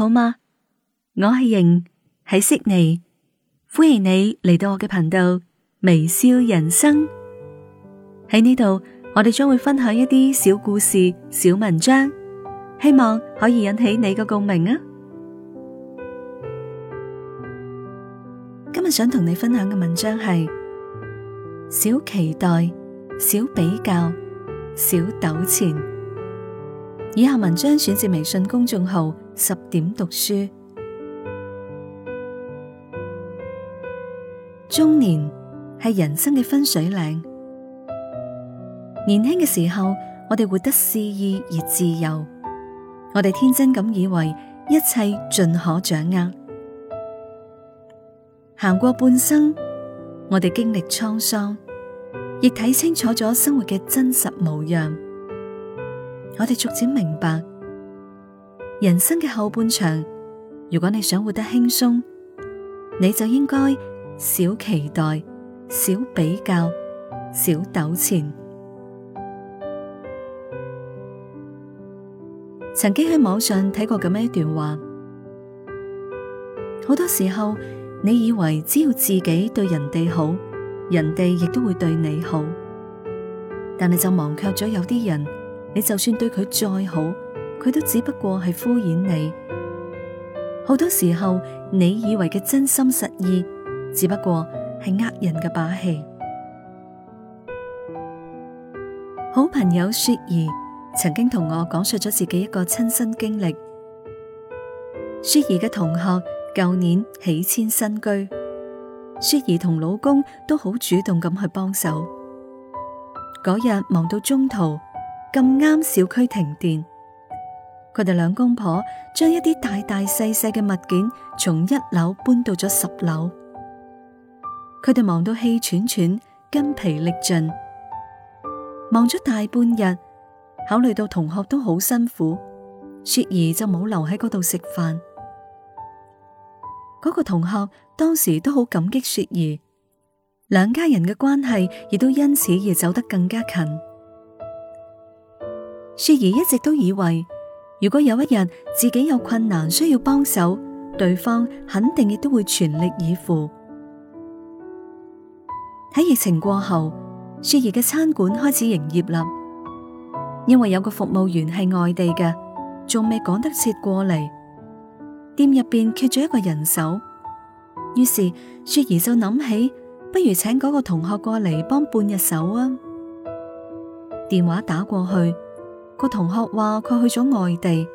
好嗎？我係瑩，喺悉尼，歡迎你嚟到我嘅頻道微笑人生。喺呢度，我哋將會分享一啲小故事、小文章，希望可以引起你嘅共鳴啊！今日想同你分享嘅文章係：少期待，少比較，少糾纏。以下文章選自微信公眾號。十點讀書，中年係人生嘅分水嶺。年輕嘅時候，我哋活得肆意而自由，我哋天真咁以為一切盡可掌握。行過半生，我哋經歷滄桑，亦睇清楚咗生活嘅真實模樣。我哋逐漸明白。人生嘅後半場，如果你想活得輕鬆，你就應該少期待、少比較、少糾纏。曾經喺網上睇過咁樣一段話，好多時候你以為只要自己對人哋好，人哋亦都會對你好，但係就忘卻咗有啲人，你就算對佢再好。佢都只不過係敷衍你，好多時候你以為嘅真心實意，只不過係呃人嘅把戲。好朋友雪兒曾經同我講述咗自己一個親身經歷。雪兒嘅同學舊年起遷新居，雪兒同老公都好主動咁去幫手。嗰日忙到中途，咁啱小區停電。佢哋兩公婆將一啲大大細細嘅物件從一樓搬到咗十樓，佢哋忙到氣喘喘，筋疲力盡，忙咗大半日。考慮到同學都好辛苦，雪兒就冇留喺嗰度食飯。嗰個同學當時都好感激雪兒，兩家人嘅關係亦都因此而走得更加近。雪兒一直都以為。如果有一日自己有困難需要幫手，對方肯定亦都會全力以赴。喺疫情過後，雪兒嘅餐館開始營業啦。因為有個服務員係外地嘅，仲未趕得切過嚟，店入邊缺咗一個人手。於是雪兒就諗起，不如請嗰個同學過嚟幫半日手啊。電話打過去，個同學話佢去咗外地，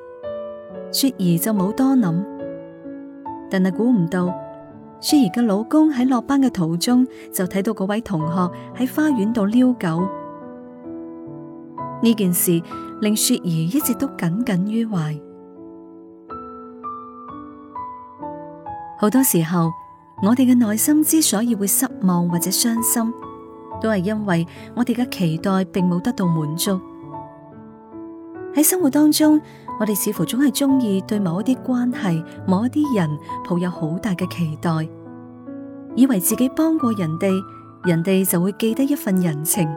雪兒就冇多諗。但係估唔到，雪兒嘅老公喺落班嘅途中就睇到嗰位同學喺花園度遛狗。呢件事令雪兒一直都耿耿於懷。好多時候，我哋嘅內心之所以會失望或者傷心，都係因為我哋嘅期待並冇得到滿足。喺生活當中，我哋似乎總係中意對某一啲關係、某一啲人抱有好大嘅期待，以為自己幫過人哋，人哋就會記得一份人情。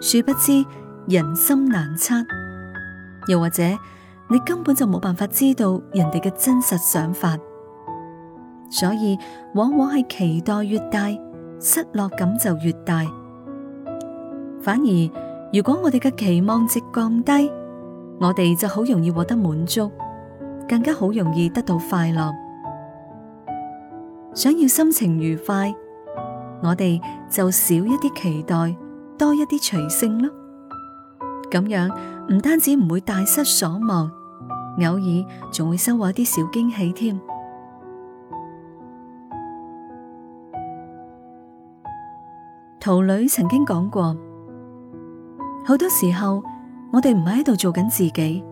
殊不知人心難測，又或者你根本就冇辦法知道人哋嘅真實想法。所以往往係期待越大，失落感就越大，反而。如果我哋嘅期望值降低，我哋就好容易獲得滿足，更加好容易得到快樂。想要心情愉快，我哋就少一啲期待，多一啲隨性咯。咁樣唔單止唔會大失所望，偶爾仲會收穫一啲小驚喜添。圖里曾經講過。好多時候，我哋唔係喺度做緊自己，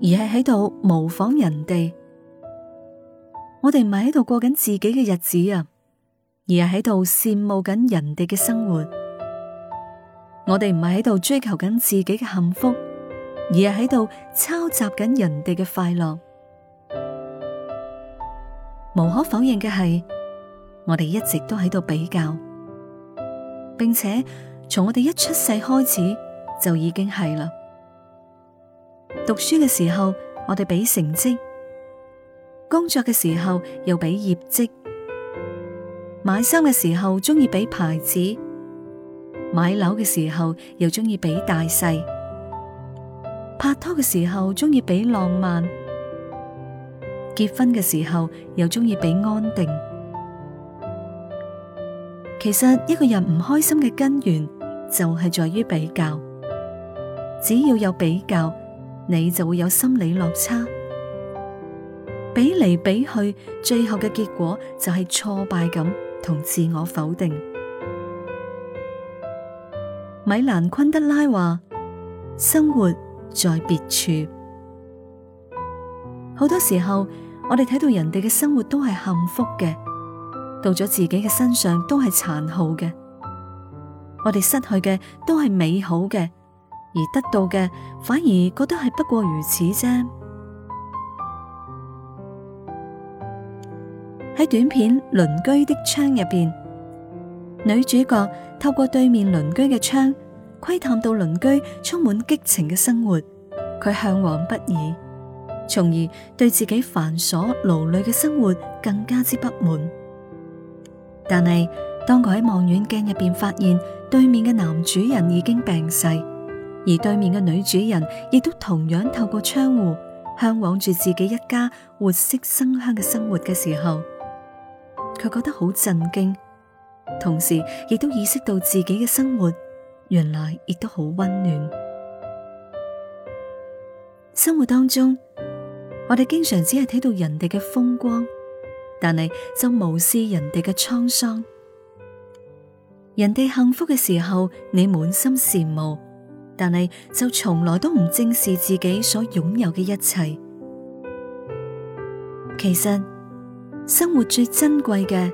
而係喺度模仿人哋；我哋唔係喺度過緊自己嘅日子啊，而係喺度羨慕緊人哋嘅生活；我哋唔係喺度追求緊自己嘅幸福，而係喺度抄襲緊人哋嘅快樂。無可否認嘅係，我哋一直都喺度比較，並且從我哋一出世開始。就已經係啦。讀書嘅時候，我哋比成績；工作嘅時候，又比業績；買衫嘅時候，中意比牌子；買樓嘅時候，又中意比大細；拍拖嘅時候，中意比浪漫；結婚嘅時候，又中意比安定。其實一個人唔開心嘅根源，就係在於比較。只要有比較，你就會有心理落差。比嚟比去，最後嘅結果就係挫敗感同自我否定。米蘭昆德拉話：生活在別處。好多時候，我哋睇到人哋嘅生活都係幸福嘅，到咗自己嘅身上都係殘酷嘅。我哋失去嘅都係美好嘅。而得到嘅反而覺得係不過如此啫。喺短片《鄰居的窗》入邊，女主角透過對面鄰居嘅窗窺探到鄰居充滿激情嘅生活，佢嚮往不已，從而對自己繁瑣勞累嘅生活更加之不滿。但係當佢喺望遠鏡入邊發現對面嘅男主人已經病逝。而對面嘅女主人亦都同樣透過窗戶向往住自己一家活色生香嘅生活嘅時候，佢覺得好震驚，同時亦都意識到自己嘅生活原來亦都好溫暖。生活當中，我哋經常只係睇到人哋嘅風光，但係就無視人哋嘅滄桑。人哋幸福嘅時候，你滿心羨慕。但係就從來都唔正視自己所擁有嘅一切。其實，生活最珍貴嘅，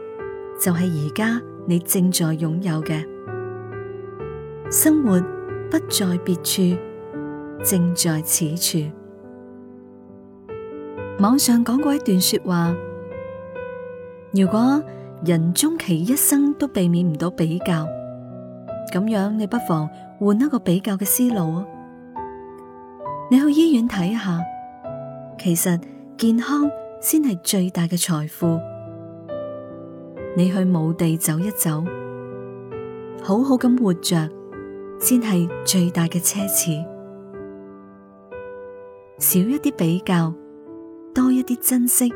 就係而家你正在擁有嘅。生活不在別處，正在此處。網上講過一段說話：如果人終其一生都避免唔到比較，咁樣你不妨。換一個比較嘅思路，你去醫院睇下，其實健康先係最大嘅財富。你去墓地走一走，好好咁活着，先係最大嘅奢侈。少一啲比較，多一啲珍惜，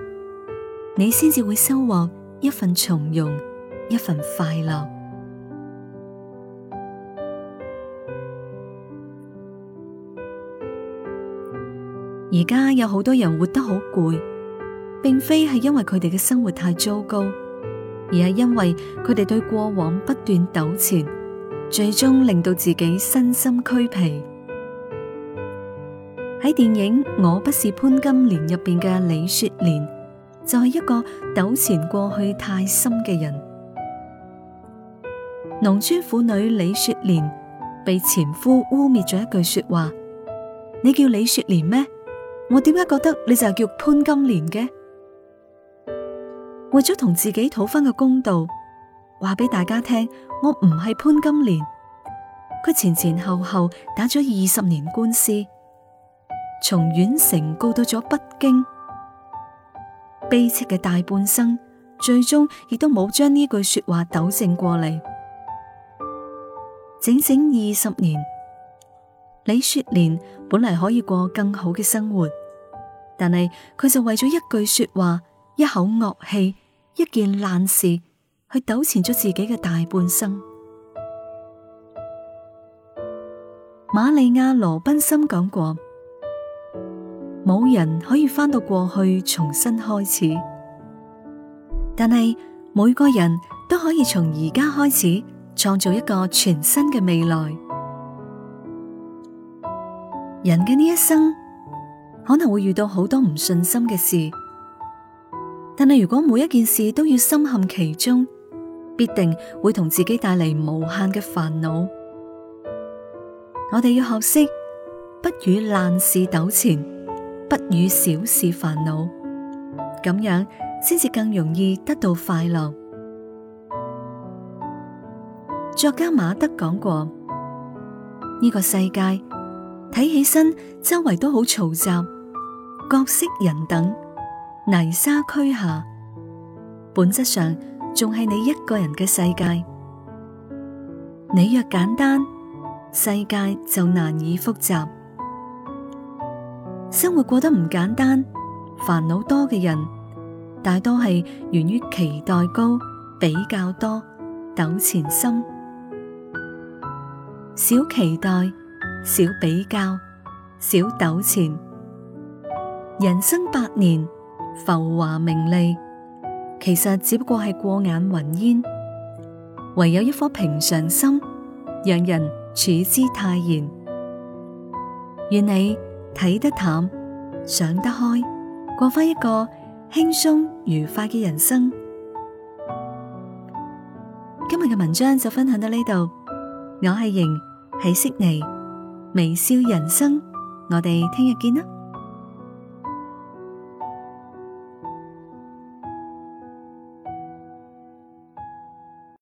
你先至會收穫一份從容，一份快樂。而家有好多人活得好攰，並非係因為佢哋嘅生活太糟糕，而係因為佢哋對過往不斷糾纏，最終令到自己身心俱疲。喺電影《我不是潘金蓮》入邊嘅李雪蓮，就係一個糾纏過去太深嘅人。農村婦女李雪蓮被前夫污蔑咗一句說話，你叫李雪蓮咩？我點解覺得你就係叫潘金蓮嘅？為咗同自己討翻個公道，話俾大家聽，我唔係潘金蓮。佢前前後後打咗二十年官司，從縣城告到咗北京，悲戚嘅大半生，最終亦都冇將呢句說話糾正過嚟。整整二十年，李雪蓮本嚟可以過更好嘅生活。但係，佢就為咗一句說話、一口惡氣、一件爛事，去糾纏咗自己嘅大半生。瑪利亞羅賓森講過：冇人可以翻到過去重新開始，但係每個人都可以從而家開始，創造一個全新嘅未來。人嘅呢一生，可能會遇到好多唔順心嘅事，但係如果每一件事都要深陷其中，必定會同自己帶嚟無限嘅煩惱。我哋要學識不與爛事糾纏，不與小事煩惱，咁樣先至更容易得到快樂。作家馬德講過：呢個世界。睇起身，周圍都好嘈雜，各色人等，泥沙俱下，本質上仲係你一個人嘅世界。你若簡單，世界就難以複雜。生活過得唔簡單，煩惱多嘅人，大多係源於期待高，比較多，糾纏心，少期待。少比較，少糾纏，人生百年，浮華名利，其實只不過係過眼雲煙。唯有一顆平常心，讓人處之泰然。願你睇得淡，想得開，過翻一個輕鬆愉快嘅人生。今日嘅文章就分享到呢度，我係瑩，喺悉尼。微笑人生，我哋聽日見啦。